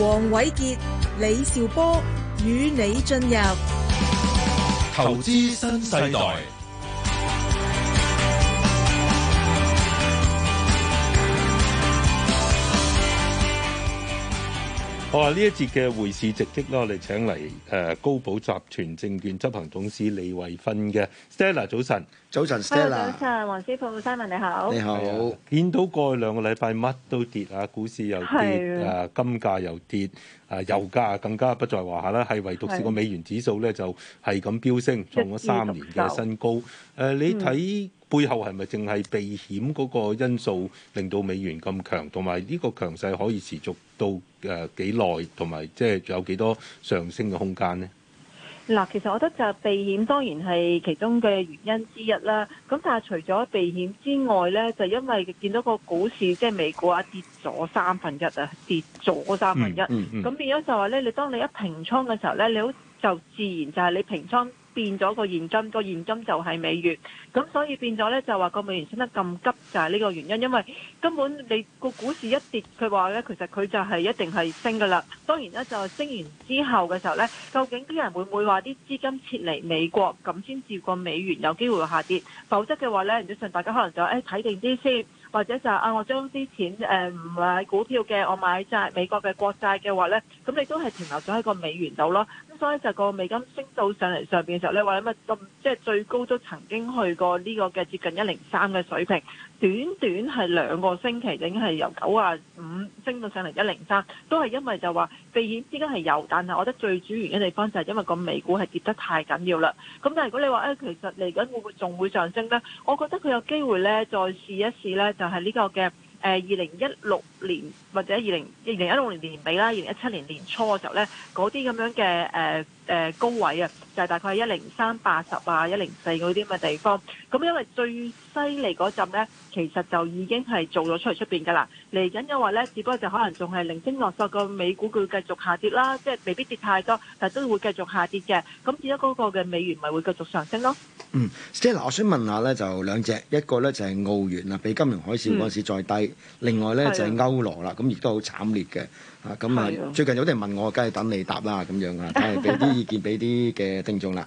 王偉傑、李兆波與你進入投資新世代。我係呢一節嘅匯市直擊啦，我哋請嚟誒、呃、高寶集團證券執行董事李慧芬嘅 Stella 早晨。早晨，Stella。早晨，黃師傅，Simon 你好。你好。見到過去兩個禮拜乜都跌啊，股市又跌，啊的金價又跌，啊油價更加不在話下啦。係唯獨是個美元指數咧，就係咁飆升，創咗三年嘅新高。誒、啊，你睇背後係咪淨係避險嗰個因素令到美元咁強，同埋呢個強勢可以持續到誒幾耐，同埋即係仲有幾多上升嘅空間咧？嗱，其實我覺得就係避險，當然係其中嘅原因之一啦。咁但係除咗避險之外咧，就因為見到個股市即係，就是，美股啊，跌咗三分一啊，跌咗三分一，咁，嗯嗯、變咗就話咧，你當你一平倉嘅時候咧，你好就自然就係你平倉。變咗個現金，個現金就係美元，咁所以變咗呢，就話個美元升得咁急就係、是、呢個原因，因為根本你個股市一跌，佢話呢，其實佢就係一定係升噶啦。當然呢，就升完之後嘅時候呢，究竟啲人會唔會話啲資金撤離美國，咁先至個美元有機會下跌？否則嘅話呢，你相信大家可能就誒睇、哎、定啲先。或者就係、啊，我將啲錢誒唔買股票嘅，我買債美國嘅國債嘅話咧，咁你都係停留咗喺個美元度咯。咁所以就個美金升到上嚟上邊嘅時候咧，話乜咁即係最高都曾經去過呢個嘅接近一零三嘅水平。短短係兩個星期，已經係由九啊五升到上嚟一零三，都係因為就話避險之間係有，但係我覺得最主要原因地方就係因為個美股係跌得太緊要啦。咁但係如果你話誒、哎，其實嚟緊會唔會仲會上升呢？我覺得佢有機會呢，再試一試呢，就係、是、呢個嘅。誒，二零一六年或者二零二零一六年年尾啦，二零一七年年初嘅時候咧，嗰啲咁樣嘅誒誒高位啊，就係大概係一零三八十啊，一零四嗰啲咁嘅地方。咁因為最犀利嗰陣咧，其實就已經係做咗出嚟出邊噶啦。嚟緊嘅話咧，只不過就可能仲係零星落索，個美股佢繼續下跌啦，即係未必跌太多，但係都會繼續下跌嘅。咁至於嗰個嘅美元咪會繼續上升咯。嗯，即係嗱，我想問下咧，就兩隻，一個咧就係、是、澳元啊，比金融海嘯嗰陣時再低，嗯、另外咧是的 就係歐羅啦，咁亦都好慘烈嘅，啊，咁啊，最近有啲人問我，梗係等你答啦，咁樣啊，梗係俾啲意見，俾啲嘅聽眾啦，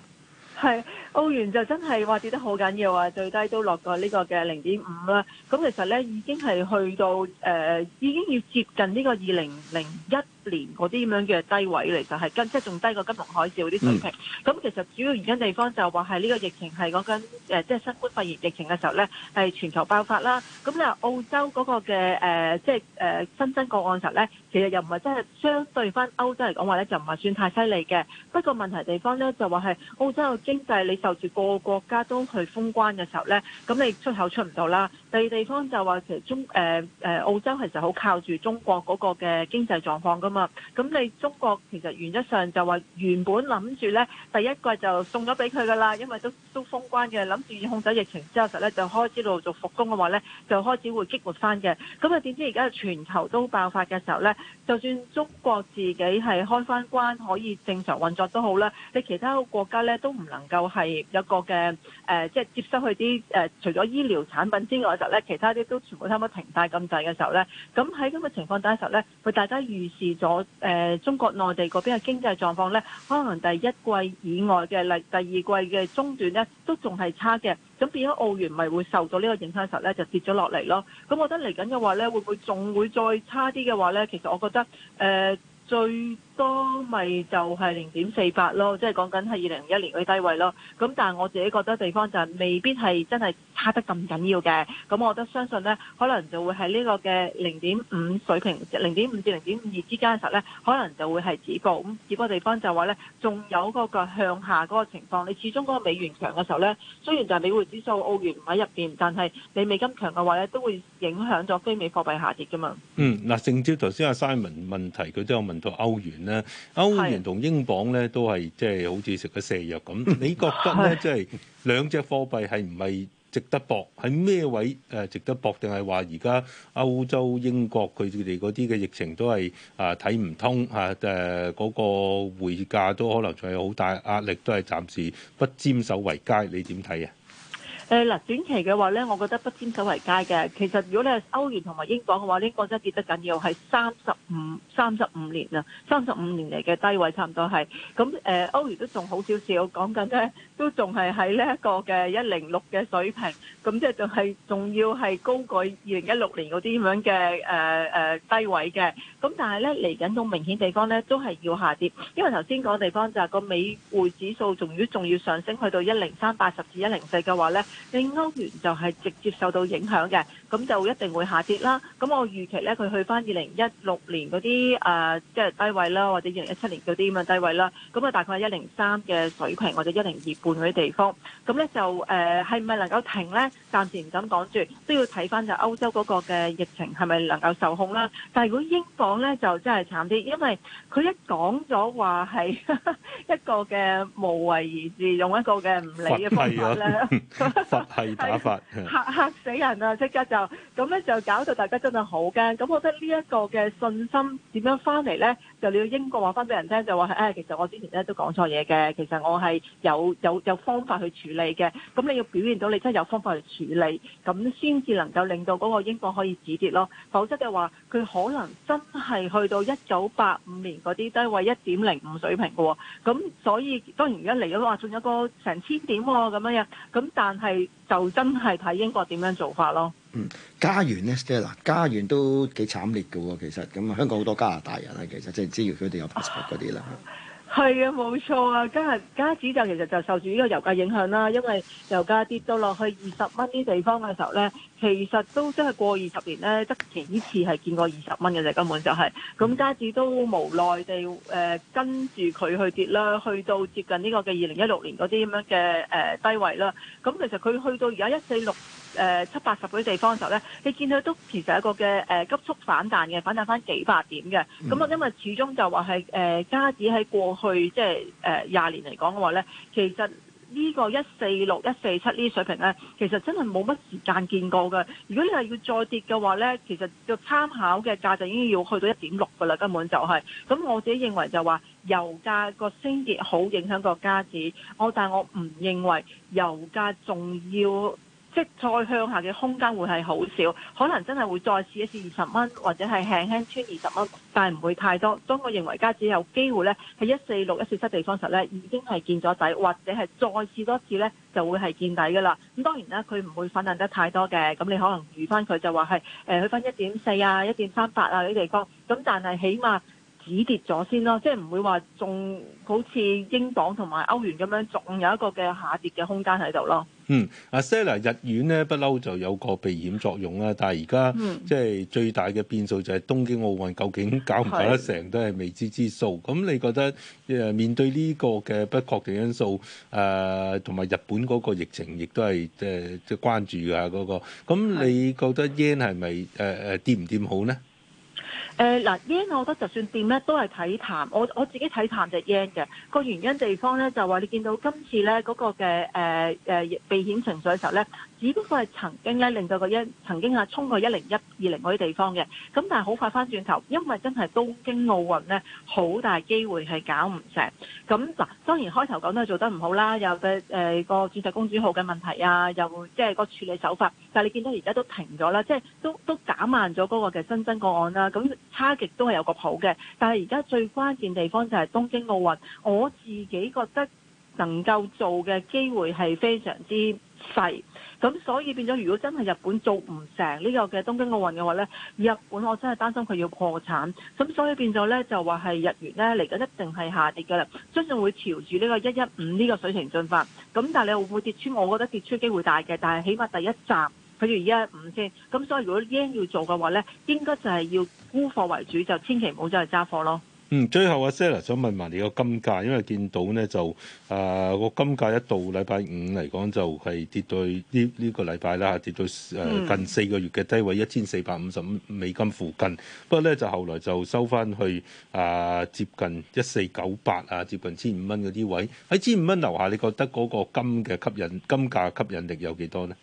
係。澳元就真係話跌得好緊要啊！最低都落過呢個嘅零點五啦。咁其實咧已經係去到誒、呃，已經要接近呢個二零零一年嗰啲咁樣嘅低位嚟，就係、是、金即係仲低過金融海嘯啲水平。咁、嗯、其實主要而家地方就話係呢個疫情係講緊誒，即係新冠肺炎疫情嘅時候咧，係全球爆發啦。咁你話澳洲嗰個嘅誒、呃，即係誒、呃、新增個案時候咧，其實又唔係真係相對翻歐洲嚟講話咧，就唔係算太犀利嘅。不過問題地方咧就話係澳洲嘅經濟你。就住個個國家都去封關嘅時候咧，咁你出口出唔到啦。第二地方就話其實中誒誒、呃、澳洲其實好靠住中國嗰個嘅經濟狀況㗎嘛，咁你中國其實原則上就話原本諗住咧，第一季就送咗俾佢㗎啦，因為都都封關嘅，諗住控制疫情之後實咧就開始到做復工嘅話咧，就開始會激活翻嘅。咁啊點知而家全球都爆發嘅時候咧，就算中國自己係開翻關可以正常運作都好啦，你其他國家咧都唔能夠係有個嘅誒、呃，即係接收佢啲誒，除咗醫療產品之外。咧其，其他啲都全部差唔多停晒咁滯嘅時候咧，咁喺咁嘅情況底下時候咧，佢大家預示咗誒中國內地嗰邊嘅經濟狀況咧，可能第一季以外嘅例第二季嘅中段咧，都仲係差嘅，咁變咗澳元咪會受到呢個影響嘅時候咧，就跌咗落嚟咯。咁我覺得嚟緊嘅話咧，會唔會仲會再差啲嘅話咧？其實我覺得誒、呃、最。都咪就係零點四八咯，即係講緊係二零一年嗰低位咯。咁但係我自己覺得地方就係未必係真係差得咁緊要嘅。咁我覺得相信呢，可能就會喺呢個嘅零點五水平，零點五至零點五二之間嘅時候呢，可能就會係止步。咁止步嘅地方就話呢，仲有個腳向下嗰個情況。你始終嗰個美元強嘅時候呢，雖然就係美，美匯指數、澳元唔喺入邊，但係你美金強嘅話呢，都會影響咗非美貨幣下跌㗎嘛。嗯，嗱，正朝頭先阿 Simon 問題，佢都有問到歐元。咧歐元同英鎊咧都係即係好似食咗瀉藥咁，你覺得咧即係兩隻貨幣係唔係值得搏？喺咩位誒值得搏？定係話而家歐洲英國佢哋嗰啲嘅疫情都係啊睇唔通啊誒嗰、呃那個匯價都可能仲有好大壓力，都係暫時不沾手為佳。你點睇啊？誒嗱，短期嘅話咧，我覺得不斬手為佳嘅。其實如果你係歐元同埋英鎊嘅話，呢個真係跌得緊要，係三十五三十五年啦，三十五年嚟嘅低位差，差唔多係。咁誒歐元都仲好少少，講緊咧都仲係喺呢一個嘅一零六嘅水平。咁、嗯、即係仲係仲要係高過二零一六年嗰啲咁樣嘅誒誒低位嘅。咁、嗯、但係咧嚟緊到明顯地方咧，都係要下跌。因為頭先講地方就係個美匯指數仲要仲要上升去到一零三八十至一零四嘅話咧。令歐元就係直接受到影響嘅，咁就一定會下跌啦。咁我預期咧，佢去翻二零一六年嗰啲誒，即、呃、係、就是、低位啦，或者二零一七年嗰啲咁嘅低位啦。咁啊，大概係一零三嘅水平或者一零二半嗰啲地方。咁咧就誒，係、呃、咪能夠停咧暫時唔敢講住，都要睇翻就歐洲嗰個嘅疫情係咪能夠受控啦。但係如果英鎊咧就真係慘啲，因為佢一講咗話係一個嘅無為而治，用一個嘅唔理嘅方法咧。 係打法 嚇嚇死人啊！即刻就咁咧就搞到大家真係好驚。咁我覺得呢一個嘅信心點樣翻嚟咧？就你要英國話翻俾人聽，就話係、哎、其實我之前咧都講錯嘢嘅。其實我係有有有方法去處理嘅。咁你要表現到你真係有方法去處理，咁先至能夠令到嗰個英國可以止跌咯。否則嘅話，佢可能真係去到一九八五年嗰啲低位一點零五水平嘅喎。咁所以當然而家嚟咗話，仲有個成千點喎咁樣樣。咁但係。就真係睇英國點樣做法咯。嗯，加元咧，即係嗱，加元都幾慘烈嘅喎、哦。其實咁啊，香港好多加拿大人啊，其實即係只要佢哋有 passport 嗰啲啦。 係啊，冇錯啊，今日加紙就其實就受住呢個油價影響啦，因為油價跌到落去二十蚊啲地方嘅時候咧，其實都真係過二十年咧，得幾次係見過二十蚊嘅啫，根本就係咁加紙都無奈地誒、呃、跟住佢去跌啦，去到接近呢個嘅二零一六年嗰啲咁樣嘅誒、呃、低位啦。咁、嗯、其實佢去到而家一四六。誒、呃、七八十嗰啲地方嘅時候咧，你見到都其實一個嘅誒、呃、急速反彈嘅，反彈翻幾百點嘅。咁啊、嗯，因為始終就話係誒加指喺過去即係誒廿年嚟講嘅話咧，其實呢個一四六一四七呢啲水平咧，其實真係冇乜時間見過嘅。如果你係要再跌嘅話咧，其實個參考嘅價就已經要去到一點六嘅啦，根本就係、是、咁。我自己認為就話油價個升跌好影響個加指，但我但係我唔認為油價仲要。即係再向下嘅空間會係好少，可能真係會再試一試二十蚊，或者係輕輕穿二十蚊，但係唔會太多。當我認為家只有機會咧，喺一四六、一四七地方時候咧，已經係見咗底，或者係再試多次咧就會係見底噶啦。咁當然咧，佢唔會反彈得太多嘅。咁你可能預翻佢就話係誒去翻一點四啊、一點三八啊啲地方，咁但係起碼止跌咗先咯，即係唔會話仲好似英鎊同埋歐元咁樣仲有一個嘅下跌嘅空間喺度咯。嗯，阿 Sela 日元咧不嬲就有個避險作用啦，但係而家即係最大嘅變數就係東京奧運究竟搞唔搞得成都係未知之數，咁是你覺得誒面對呢個嘅不確定因素，誒同埋日本嗰個疫情亦都係即係即係關注啊嗰、嗰個。咁你覺得 yen 係咪誒誒掂唔掂好咧？誒嗱，yen 我覺得就算跌咧，都係睇淡。我我自己睇淡就係 yen 嘅個原因地方咧，就話你見到今次咧嗰、那個嘅誒誒避險情緒嘅時候咧。只不過係曾經咧令到佢一曾經啊衝過一零一、二零嗰啲地方嘅，咁但係好快翻轉頭，因為真係東京奧運咧，好大機會係搞唔成。咁嗱，當然開頭講都係做得唔好啦，有嘅誒個鑽石公主號嘅問題啊，又即係個處理手法。但係你見到而家都停咗啦，即係都都減慢咗嗰個嘅新增個案啦。咁差極都係有個譜嘅，但係而家最關鍵地方就係東京奧運。我自己覺得能夠做嘅機會係非常之細。咁所以變咗，如果真係日本做唔成呢個嘅東京奧運嘅話咧，日本我真係擔心佢要破產。咁所以變咗咧，就話係日元咧嚟緊一定係下跌㗎喇，相信會朝住呢個一一五呢個水平進發。咁但係你會唔會跌穿？我覺得跌穿機會大嘅，但係起碼第一站，譬如一一五先。咁所以如果英要做嘅話咧，應該就係要沽貨為主，就千祈唔好再係揸貨咯。嗯，最後阿 Sella 想問埋你個金價，因為見到咧就啊個、呃、金價一到禮拜五嚟講就係跌到呢呢、呢個禮拜啦，跌到誒、呃、近四個月嘅低位一千四百五十五美金附近。不過咧就後來就收翻去啊、呃、接近一四九八啊，接近千五蚊嗰啲位，喺千五蚊樓下，你覺得嗰個金嘅吸引，金價吸引力有幾多咧？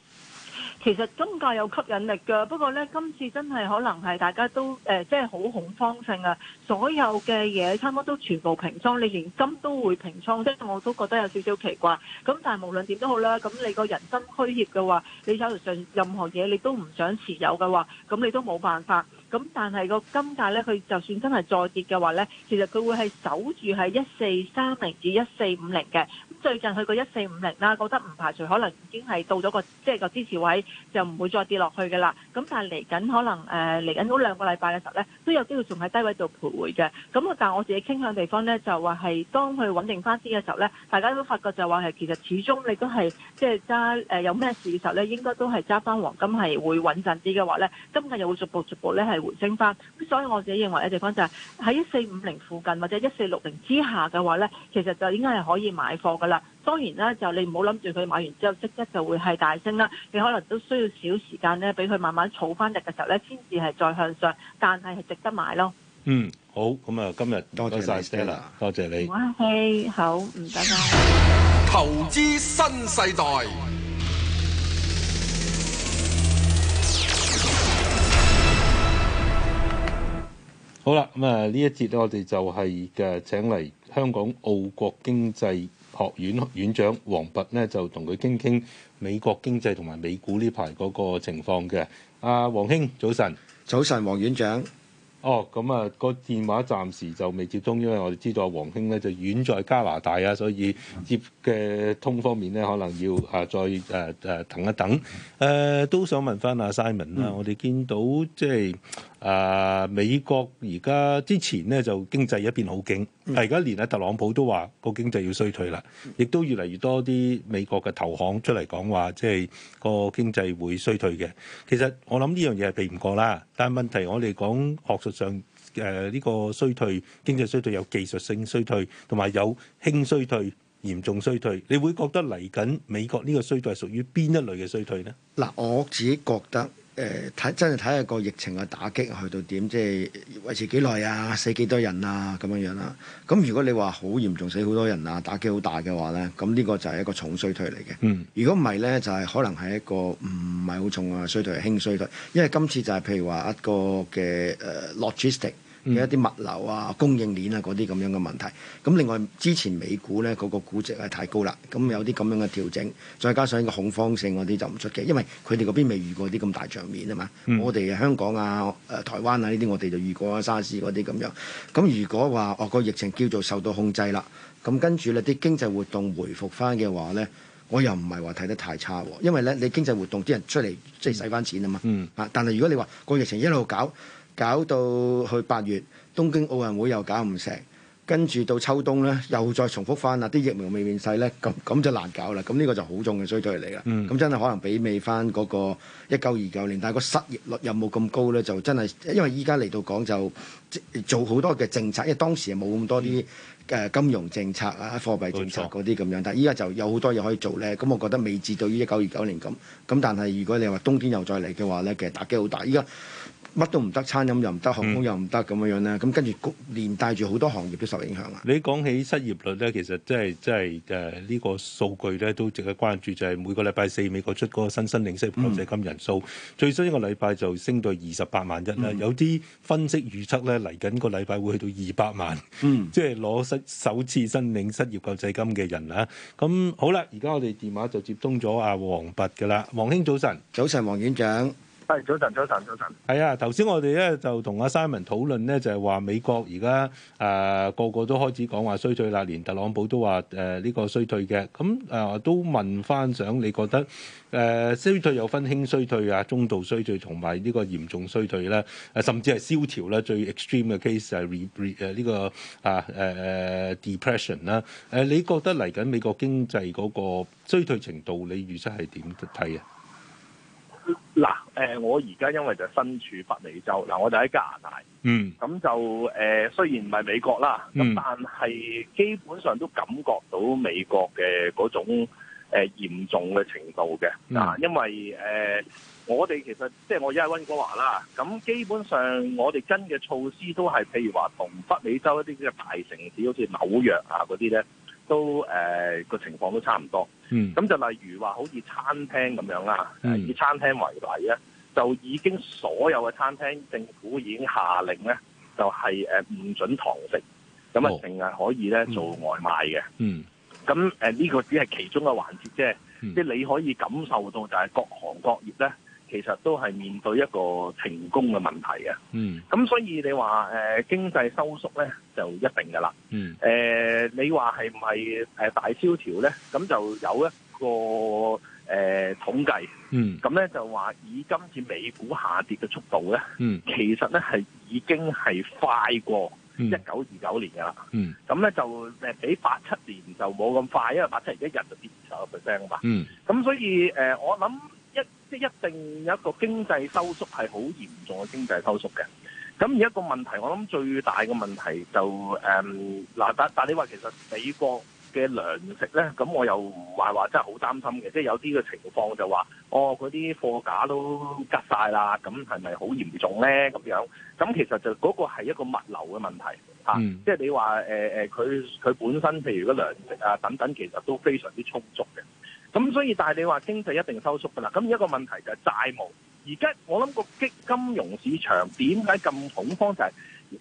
其實金價有吸引力㗎，不過呢，今次真係可能係大家都誒，即係好恐慌性啊！所有嘅嘢差唔多都全部平倉，你連金都會平倉，即係我都覺得有少少奇怪。咁但係無論點都好啦，咁你個人生虛怯嘅話，你手頭上任何嘢你都唔想持有嘅話，咁你都冇辦法。咁但係個金價呢，佢就算真係再跌嘅話呢，其實佢會係守住係一四三零至一四五零嘅。最近去過一四五零啦，覺得唔排除可能已經係到咗個即係個支持位，就唔會再跌落去嘅啦。咁但係嚟緊可能誒嚟緊嗰兩個禮拜嘅時候咧，都有機會仲喺低位度徘徊嘅。咁但係我自己傾向地方咧，就話係當佢穩定翻啲嘅時候咧，大家都發覺就話係其實始終你都係即係揸誒有咩事嘅時候咧，應該都係揸翻黃金係會穩陣啲嘅話咧，今日又會逐步逐步咧係回升翻。咁所以我自己認為嘅地方就係喺一四五零附近或者一四六零之下嘅話咧，其實就應該係可以買貨嘅啦。當然啦，就你唔好諗住佢買完之後即刻就會係大升啦。你可能都需要少時間咧，俾佢慢慢儲翻嚟嘅時候咧，先至係再向上。但係係值得買咯。嗯，好咁啊，今日多謝晒 Stella，多謝你。唔 Stella 好唔該晒。投資新世代好啦，咁啊呢一節咧，我哋就係嘅請嚟香港奧國經濟。學院院長王弼呢，就同佢傾傾美國經濟同埋美股呢排嗰個情況嘅。阿王兄，早晨。早晨，王院長。哦，咁啊，個電話暫時就未接通，因為我哋知道阿王兄呢就遠在加拿大啊，所以接嘅通方面呢，可能要啊再誒誒、啊啊、等一等。誒、啊、都想問翻阿 Simon 啊、嗯，我哋見到即係。就是啊、呃！美國而家之前咧就經濟一片好勁，但而家連阿特朗普都話個經濟要衰退啦，亦都越嚟越多啲美國嘅投行出嚟講話，即係個經濟會衰退嘅。其實我諗呢樣嘢係避唔過啦，但係問題我哋講學術上誒呢、呃這個衰退經濟衰退有技術性衰退同埋有，有輕衰退、嚴重衰退，你會覺得嚟緊美國呢個衰退係屬於邊一類嘅衰退呢？嗱，我自己覺得。誒睇真係睇下個疫情嘅打擊去到點，即係維持幾耐啊，死幾多人啊咁樣樣啦。咁如果你話好嚴重，死好多人啊，打擊好大嘅話咧，咁呢個就係一個重衰退嚟嘅。嗯，如果唔係咧，就係、係、可能係一個唔係好重嘅衰退，輕衰退。因為今次就係譬如話一個嘅誒 logistic，呃 Log 嘅一啲物流啊、供應鏈啊嗰啲咁樣嘅問題。咁另外之前美股呢嗰、嗰個估值係太高啦，咁有啲咁樣嘅調整，再加上一個恐慌性嗰啲就唔出奇，因為佢哋嗰邊未遇過啲咁大場面啊嘛。嗯、我哋香港啊、誒、呃、台灣啊呢啲，我哋就遇過啊，沙士嗰啲咁樣。咁如果話哦個疫情叫做受到控制啦，咁跟住呢啲經濟活動回復翻嘅話呢，我又唔係話睇得太差，因為呢你經濟活動啲人出嚟即係使翻錢啊嘛。嚇、嗯嗯！但係如果你話個疫情一路搞，搞到去八月，東京奧運會又搞唔成，跟住到秋冬呢，又再重複翻啦。啲疫苗未面世呢，咁咁就難搞啦。咁呢個就好重嘅衰退嚟啦。咁、嗯、真係可能媲美翻嗰個一九二九年，但係個失業率有冇咁高呢？就真係因為依家嚟到講就做好多嘅政策，因為當時冇咁多啲誒金融政策啊、貨幣政策嗰啲咁樣，沒錯 但係依家就有好多嘢可以做呢。咁我覺得未至到於一九二九年咁。咁但係如果你話冬天又再嚟嘅話呢，其實打擊好大。依家乜都唔得，餐飲又唔得，航空又唔得，咁樣樣咧，咁跟住連帶住好多行業都受影響啦。你講起失業率咧，其實真係真係誒呢個數據咧都值得關注，就係、是、每個禮拜四美國出嗰個新申領失業救濟金人數，嗯、最新一個禮拜就升到二十八萬一啦。嗯、有啲分析預測咧嚟緊個禮拜會去到二百萬，即係攞失首次申領失業救濟金嘅人啊！咁好啦，而家我哋電話就接通咗阿王弼嘅啦，王兄早晨。早晨，王院長。係早晨，早晨，早晨。係啊，頭先我哋咧，就同阿 Simon 討論咧，就係、是、話美國而家誒個個都開始講話衰退啦，連特朗普都話誒呢個衰退嘅。咁誒、呃、都問翻，想你覺得誒、呃、衰退有分輕衰退啊、中度衰退同埋呢個嚴重衰退咧？誒、啊，甚至係蕭條咧，最 extreme 嘅 case 係誒呢個啊誒誒、啊、depression 啦。誒，你覺得嚟緊美國經濟嗰個衰退程度，你預測係點睇啊？嗱，誒我而家因為就身處北美洲，嗱我就喺加拿大，嗯，咁就誒雖然唔係美國啦，咁、嗯、但係基本上都感覺到美國嘅嗰種誒嚴重嘅程度嘅，嗱、嗯，因為誒我哋其實即係我而家温哥華啦，咁基本上我哋跟嘅措施都係譬如話同北美洲一啲嘅大城市，好似紐約啊嗰啲咧。都誒個、呃、情況都差唔多，咁、嗯、就例如話好似餐廳咁樣啦，嗯、以餐廳為例啊，就已經所有嘅餐廳政府已經下令咧，就係誒唔準堂食，咁啊淨係可以咧做外賣嘅。咁誒呢個只係其中嘅環節啫，即係、嗯、你可以感受到就係各行各業咧。其實都係面對一個停工嘅問題嘅。嗯，咁所以你話誒、呃、經濟收縮咧，就一定噶啦。嗯，誒、呃、你話係唔係誒大蕭條咧？咁就有一個誒、呃、統計。嗯，咁咧就話以今次美股下跌嘅速度咧、嗯嗯，嗯，其實咧係已經係快過一九二九年噶啦。嗯，咁咧就誒比八七年就冇咁快，因為八七年一日就跌二十個 percent 啊嘛。嗯，咁所以誒、呃、我諗。一即一定有一個經濟收縮係好嚴重嘅經濟收縮嘅，咁而一個問題，我諗最大嘅問題就誒、是、嗱、嗯，但但你話其實美國嘅糧食咧，咁我又唔係話真係好擔心嘅，即係有啲嘅情況就話哦，嗰啲貨架都吉晒啦，咁係咪好嚴重咧？咁樣咁其實就嗰、那個係一個物流嘅問題嚇，即係你話誒誒，佢佢、嗯呃、本身譬如嗰糧食啊等等，其實都非常之充足嘅。咁所以，但係你話經濟一定收縮㗎啦。咁一個問題就係債務。而家我諗個金金融市場點解咁恐慌，就係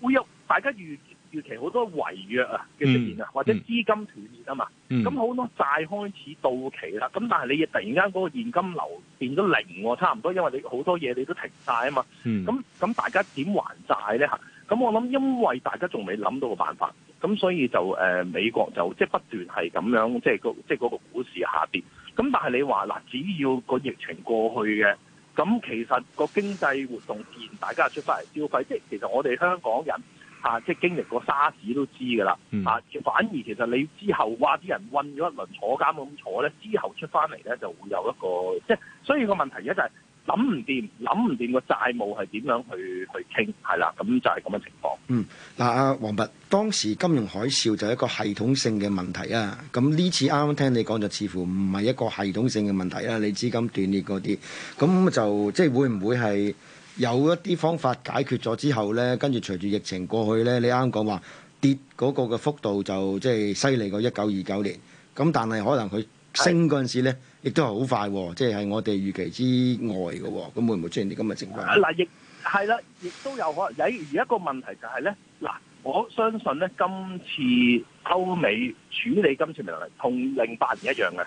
會有大家預預期好多違約啊嘅出現啊，或者資金斷裂啊嘛。咁好、嗯嗯、多債開始到期啦。咁、嗯、但係你突然間嗰個現金流變咗零、哦，差唔多，因為你好多嘢你都停晒啊嘛。咁咁、嗯、大家點還債咧？嚇咁我諗，因為大家仲未諗到個辦法，咁所以就誒、呃、美國就即係不斷係咁樣，即、就、係、嗰個即係嗰個股市下跌。咁但係你話嗱，只要個疫情過去嘅，咁其實個經濟活動自然大家出翻嚟消費。即係其實我哋香港人嚇，即係經歷過沙士都知㗎啦。嚇，反而其實你之後話啲人韞咗一輪坐監咁坐咧，之後出翻嚟咧就會有一個即係，所以個問題而家就係。諗唔掂，諗唔掂個債務係點樣去去傾，係啦，咁就係咁嘅情況。嗯，嗱、啊，阿王弼，當時金融海嘯就係一個系統性嘅問題啊。咁呢次啱啱聽你講就似乎唔係一個系統性嘅問題啦。你資金斷裂嗰啲，咁就即係會唔會係有一啲方法解決咗之後呢？跟住隨住疫情過去呢，你啱講話跌嗰個嘅幅度就即係犀利過一九二九年。咁但係可能佢升嗰陣時咧。亦都係好快，即係我哋預期之外嘅，咁會唔會出現啲咁嘅情況？嗱、嗯，亦係啦，亦都有可能。有而一個問題就係咧，嗱，我相信咧，今次歐美處理金錢問題同零八年一樣嘅，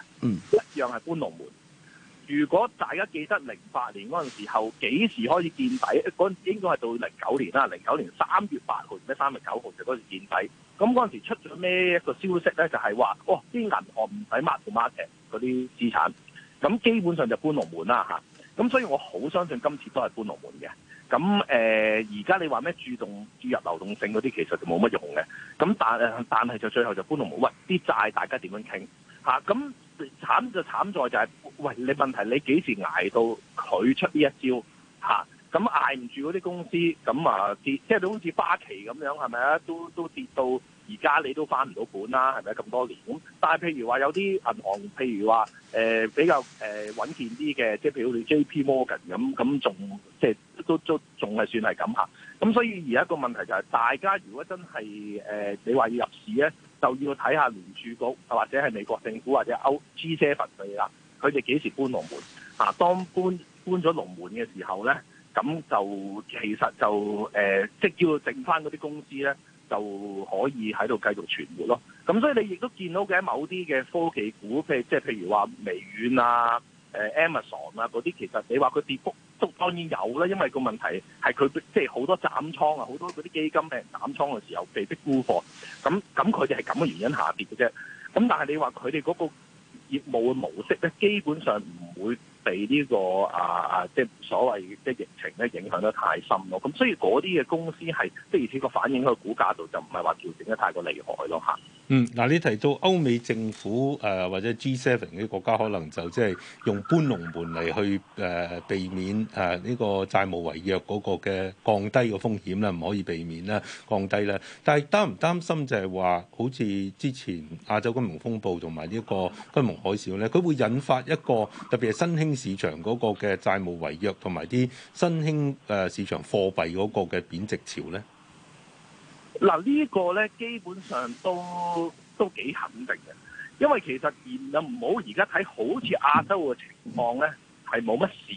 一樣係搬龍門。如果大家記得零八年嗰陣時候幾時開始見底，嗰陣應該係到零九年啦，零九年三月八號定咩三月九號就嗰時見底。咁嗰陣時出咗咩一個消息咧，就係話，哇，啲銀行唔使 mark to market 嗰啲資產，咁基本上就搬龍門啦嚇。咁所以我好相信今次都係搬龍門嘅。咁誒，而家你話咩主動注入流動性嗰啲，其實冇乜用嘅。咁但係但係就最後就搬龍門。喂，啲債大家點樣傾嚇？咁。慘就慘在就係、是，喂，你問題你幾時挨到佢出呢一招吓？咁挨唔住嗰啲公司，咁啊跌，即係好似花旗咁樣，係咪啊？都都跌到而家你都翻唔到本啦，係咪咁多年？咁但係譬如話有啲銀行，譬如話誒、呃、比較誒穩、呃、健啲嘅，即係譬如好似 JP Morgan 咁，咁仲即係都都仲係算係咁吓。咁、啊、所以而家個問題就係、是，大家如果真係誒、呃，你話要入市咧？就要睇下聯儲局或者係美國政府或者歐 GSA 佢哋啦，佢哋幾時搬龍門啊？當搬搬咗龍門嘅時候咧，咁就其實就誒，即係要剩翻嗰啲公司咧，就可以喺度繼續存活咯。咁所以你亦都見到嘅某啲嘅科技股，譬如即係譬如話微軟啊、誒、呃、Amazon 啊嗰啲，其實你話佢跌幅。當然有啦，因為個問題係佢即係好多斬倉啊，好多嗰啲基金誒斬倉嘅時候被逼沽貨，咁咁佢哋係咁嘅原因下跌嘅啫。咁但係你話佢哋嗰個業務嘅模式咧，基本上唔會。被呢，這個啊啊，即係所謂嘅即疫情咧影響得太深咯，咁所以嗰啲嘅公司係即係而家個反應個股價度就唔係話調整得太過厲害咯吓，嗯，嗱你提到歐美政府誒、呃、或者 G7 嗰啲國家可能就即係用搬龍門嚟去誒、呃、避免誒呢、啊這個債務違約嗰個嘅降低個風險啦，唔可以避免啦，降低啦。但係擔唔擔心就係話好似之前亞洲金融風暴同埋呢個金融海嘯咧，佢會引發一個特別係新興市場嗰個嘅債務違約，同埋啲新興誒、呃、市場貨幣嗰個嘅貶值潮咧，嗱呢個咧基本上都都幾肯定嘅，因為其實而唔好而家睇，好似亞洲嘅情況咧係冇乜事，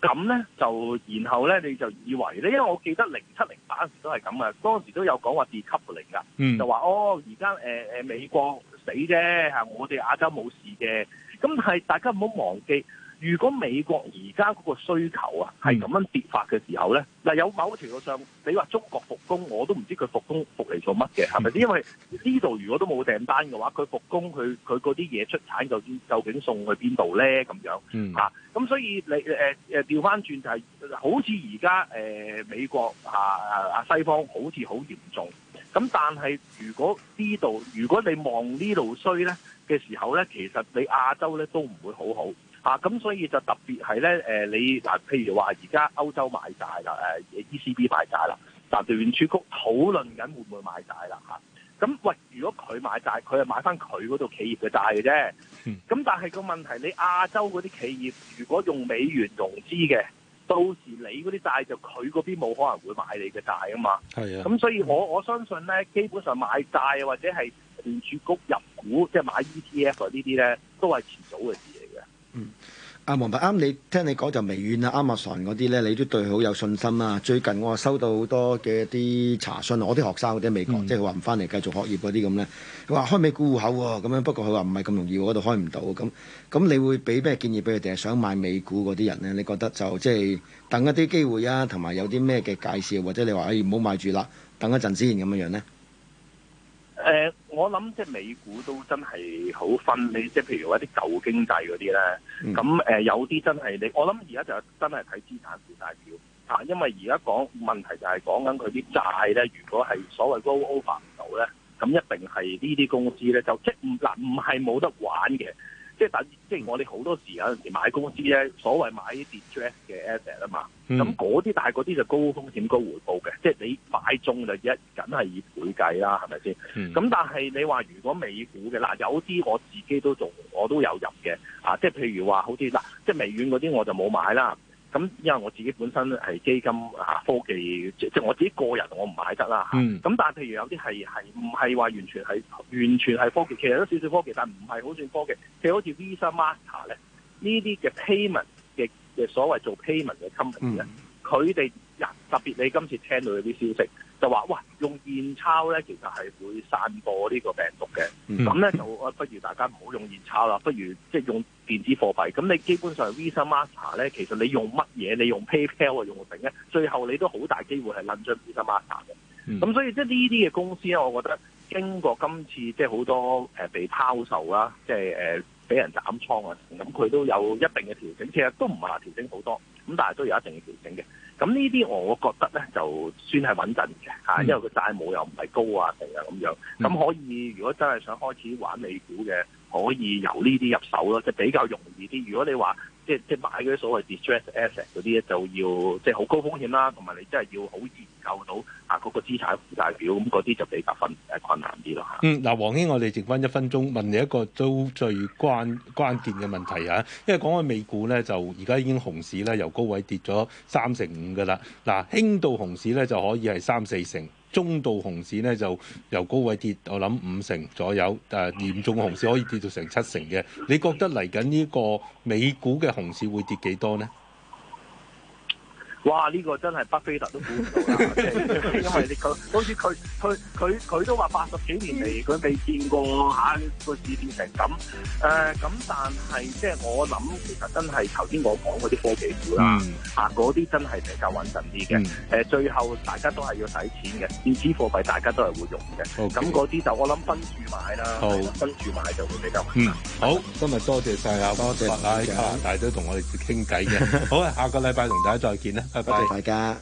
咁咧就然後咧你就以為咧，因為我記得零七零八陣時都係咁嘅，當時都有講話 decoupling 噶，嗯、就話哦而家誒誒美國死啫吓，我哋亞洲冇事嘅，但係大家唔好忘記。如果美國而家嗰個需求啊，係咁樣跌法嘅時候咧，嗱、嗯、有某個程度上，你話中國復工，我都唔知佢復工復嚟做乜嘅，係咪先？嗯、因為呢度如果都冇訂單嘅話，佢復工佢佢嗰啲嘢出產就究，究竟送去邊度咧？咁樣吓，咁、嗯啊、所以你誒誒調翻轉就係、是、好似而家誒美國啊啊西方好似好嚴重，咁但係如果呢度如果你望呢度衰咧嘅時候咧，其實你亞洲咧都唔會好好。啊，咁所以就特別係咧，誒、呃，你嗱，譬如話而家歐洲買債啦，誒、呃，E C B 買債啦，嗱，聯儲局討論緊會唔會買債啦？嚇、啊，咁喂、呃，如果佢買債，佢係買翻佢嗰度企業嘅債嘅啫。咁但係個問題，你亞洲嗰啲企業如果用美元融資嘅，到時你嗰啲債就佢嗰邊冇可能會買你嘅債啊嘛。係啊的。咁所以我我相信咧，基本上買債或者係聯儲局入股，即、就、係、是、買 E T F 啊呢啲咧，都係遲早嘅事嚟嘅。阿王弼啱，你聽你講就微軟啊、Amazon 嗰啲呢，你都對佢好有信心啊。最近我收到好多嘅啲查詢，我啲學生嗰啲美國，嗯、即係佢話唔翻嚟繼續學業嗰啲咁呢。佢話開美股戶口喎、啊，咁樣。不過佢話唔係咁容易，嗰度開唔到咁。咁你會俾咩建議俾佢哋？想買美股嗰啲人呢，你覺得就即係等一啲機會啊，同埋有啲咩嘅介紹，或者你話哎唔好買住啦，等一陣先咁樣樣咧。嗯我諗即係美股都真係好分，你即係譬如話一啲舊經濟嗰啲咧，咁誒、嗯、有啲真係你，我諗而家就真係睇資產負債表啊，因為而家講問題就係講緊佢啲債咧，如果係所謂 roll over 唔到咧，咁一定係呢啲公司咧就即係唔嗱唔係冇得玩嘅。即係等，即係我哋好多時有陣時買公司咧，所謂買啲 distressed 嘅 asset 啊嘛，咁嗰啲但係嗰啲就高風險高回報嘅，即係你買中就一，梗係以倍計啦，係咪先？咁、嗯、但係你話如果美股嘅嗱，有啲我自己都做，我都有入嘅啊，即係譬如話好似嗱，即係微軟嗰啲我就冇買啦。咁因為我自己本身係基金啊科技，即即我自己個人我唔買得啦嚇。咁、嗯、但係譬如有啲係係唔係話完全係完全係科技，其實都少少科技，但唔係好算科技。譬如好似 Visa、Master 咧，呢啲嘅 payment 嘅嘅所謂做 payment 嘅 company 佢哋、嗯。特別，你今次聽到嗰啲消息，就話哇，用現鈔咧，其實係會散播呢個病毒嘅。咁咧、嗯、就，不如大家唔好用現鈔啦，不如即係、就是、用電子貨幣。咁你基本上 Visa Master 咧，其實你用乜嘢？你用 PayPal 啊，用定咧，最後你都好大機會係撚張 Visa Master 嘅。咁、嗯、所以即係呢啲嘅公司咧，我覺得經過今次即係好多誒、呃、被拋售啦，即係誒。呃俾人斬倉啊！咁佢都有一定嘅調整，其實都唔係話調整好多，咁但係都有一定嘅調整嘅。咁呢啲我覺得咧，就算係穩陣嘅嚇，啊嗯、因為個債務又唔係高啊，同啊咁樣。咁可以，如果真係想開始玩美股嘅，可以由呢啲入手咯，即係比較容易啲。如果你話，即係即係買嗰啲所謂 distressed asset 嗰啲咧，就要即係好高風險啦，同埋你真係要好研究到啊嗰個資產負債表，咁嗰啲就比較困誒困難啲咯嚇。嗯，嗱，王兄，我哋剩翻一分鐘，問你一個都最關關鍵嘅問題嚇、啊，因為講緊美股咧，就而家已經熊市咧，由高位跌咗三成五嘅啦，嗱，輕度熊市咧就可以係三四成。中度熊市咧就由高位跌，我諗五成左右；誒、呃、嚴重熊市可以跌到成七成嘅。你覺得嚟緊呢個美股嘅熊市會跌幾多咧？哇！呢個真係巴菲特都估唔到啊！因為你佢好似佢佢佢佢都話八十幾年嚟佢未見過嚇個市變成咁，誒咁，但係即係我諗其實真係頭先我講嗰啲科技股啦嚇，嗰啲真係比較穩陣啲嘅誒，最後大家都係要使錢嘅電子貨幣大家都係會用嘅，咁嗰啲就我諗分住買啦，分住買就會比較好。好，今日多謝曬阿弼大家大都同我哋傾偈嘅，好啊，下個禮拜同大家再見啦。拜拜，大家。